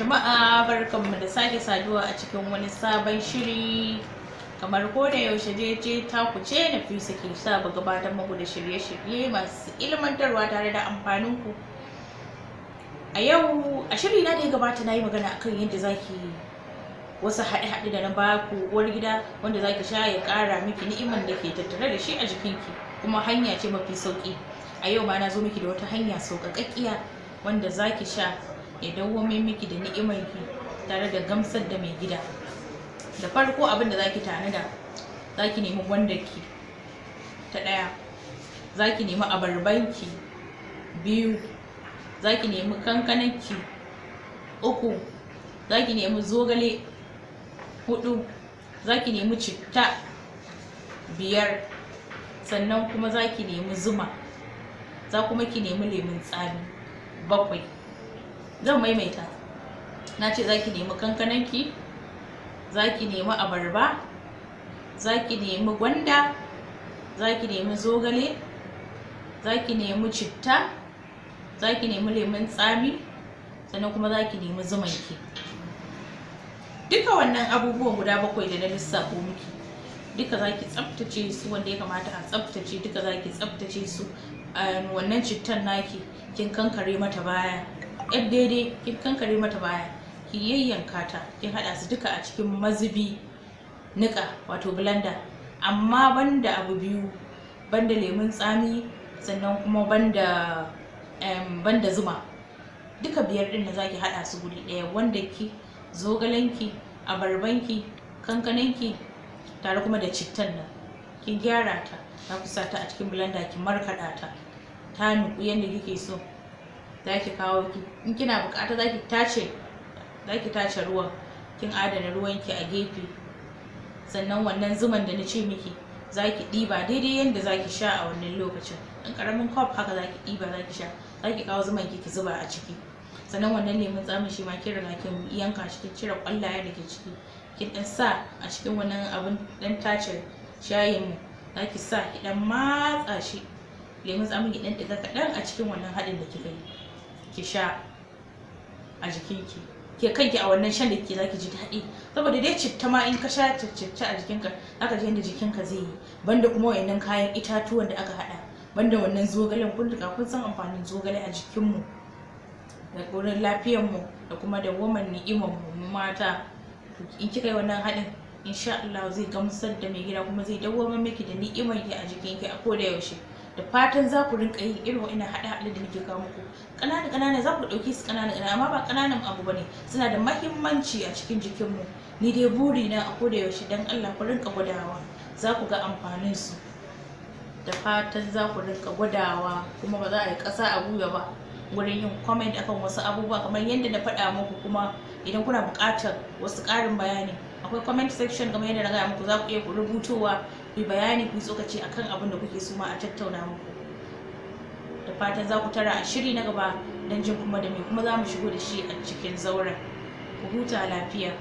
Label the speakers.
Speaker 1: jama'a barkanmu da sake saduwa a cikin wani sabon shiri kamar ko da yaushe je ta ce na fi suke sa ba gabatar muku da shirye-shirye masu ilmantarwa tare da amfanin ku a yau a shiri na da ya gabata na yi magana akan yadda zaki wasu haɗe-haɗe da na baku uwar gida wanda zaki sha ya ƙara miki ni'imar da ke tattare da shi a jikinki kuma hanya ce mafi sauƙi a yau ma na zo miki da wata hanya sauƙaƙƙiya wanda zaki sha ya dawwame miki da ni'imarki tare da gamsar da mai gida da farko abin da zaki tanada zaki nemi gwandarki ta ɗaya zaki nemi abarbanki biyu zaki nemi kankananki uku zaki nemi zogale hudu zaki nemi citta biyar sannan kuma zaki nemi zuma za kuma ki nemi lemun tsami bakwai zan maimaita na ce za ki nemi kankananki za ki nemi abarba za ki nemi gwanda za ki nemi zogale za ki nemi citta za ki nemi lemun tsami sannan kuma za ki nemi zumanki duka wannan abubuwan guda bakwai da na lissafo miki duka za ki tsaftace su wanda ya kamata a tsaftace duka za ki tsaftace su a wannan cittan naki kin kankare mata baya yar daidai ki kankare mata baya ki yayyanka ta ki haɗa su duka a cikin mazubi nika wato blender amma banda abu biyu banda lemun tsami sannan kuma banda banda zuma duka biyar ɗin da zaki haɗa su guri ɗaya wanda ki zogalenki abarbanki kankananki tare kuma da cittan nan ki gyara ta ta kusa ta a cikin blender ki markaɗa ta ta nuku yadda kike so za ki kawo ki in kina bukata za ki tace za ki tace ruwan kin adana ruwanki a gefe sannan wannan zuman da na ce miki za ki ɗiba daidai yadda za ki sha a wannan lokacin in ƙaramin kwaf haka za ki ɗiba za ki sha za ki kawo zuman ki ki zuba a ciki sannan wannan lemun tsamin shi ma kin riga kin yanka shi kin cire ƙwallaye da ke ciki kin ɗan sa a cikin wannan abin ɗan tace shayin mu za ki sa ki ɗan matsa shi lemun tsamin ki ɗan ɗiga kaɗan a cikin wannan haɗin da kika yi ki sha a jikinki ke kanki a wannan shan da ke zaki ji daɗi saboda dai citta ma in ka sha citta a jikinka zaka ji yadda jikinka zai yi banda kuma wayannan kayan itatuwan da aka haɗa banda wannan zogalen kun riga kun san amfanin zogale a jikinmu da gurin mu da kuma da woman ni'imar mu mata in kika yi wannan haɗin insha Allah zai gamsar da mai gida kuma zai dawo miki da ni'imar ki a jikinki a koda yaushe da fatan za ku rinka yi irin wa'ina haɗe haɗe da nake kawo muku ƙanana ƙanana za ku ɗauki su ƙanana ƙanana amma ba ƙananan abu bane suna da mahimmanci a cikin jikinmu ni dai buri na a koda yaushe dan Allah ku rinka gwadawa za ku ga amfanin su da fatan za ku rinka gwadawa kuma ba za a yi ƙasa a gwiwa ba wurin yin comment akan wasu abubuwa kamar yadda na faɗa muku kuma idan kuna buƙatar wasu ƙarin bayani akwai comment section game yadda na gaya muku za ku iya ku rubutowa ku bayani ku tsokaci akan abin da kuke so ma a tattauna muku da fatan za ku tara a shiri na gaba don jin kuma da me kuma za mu shigo da shi a cikin zauren ku huta lafiya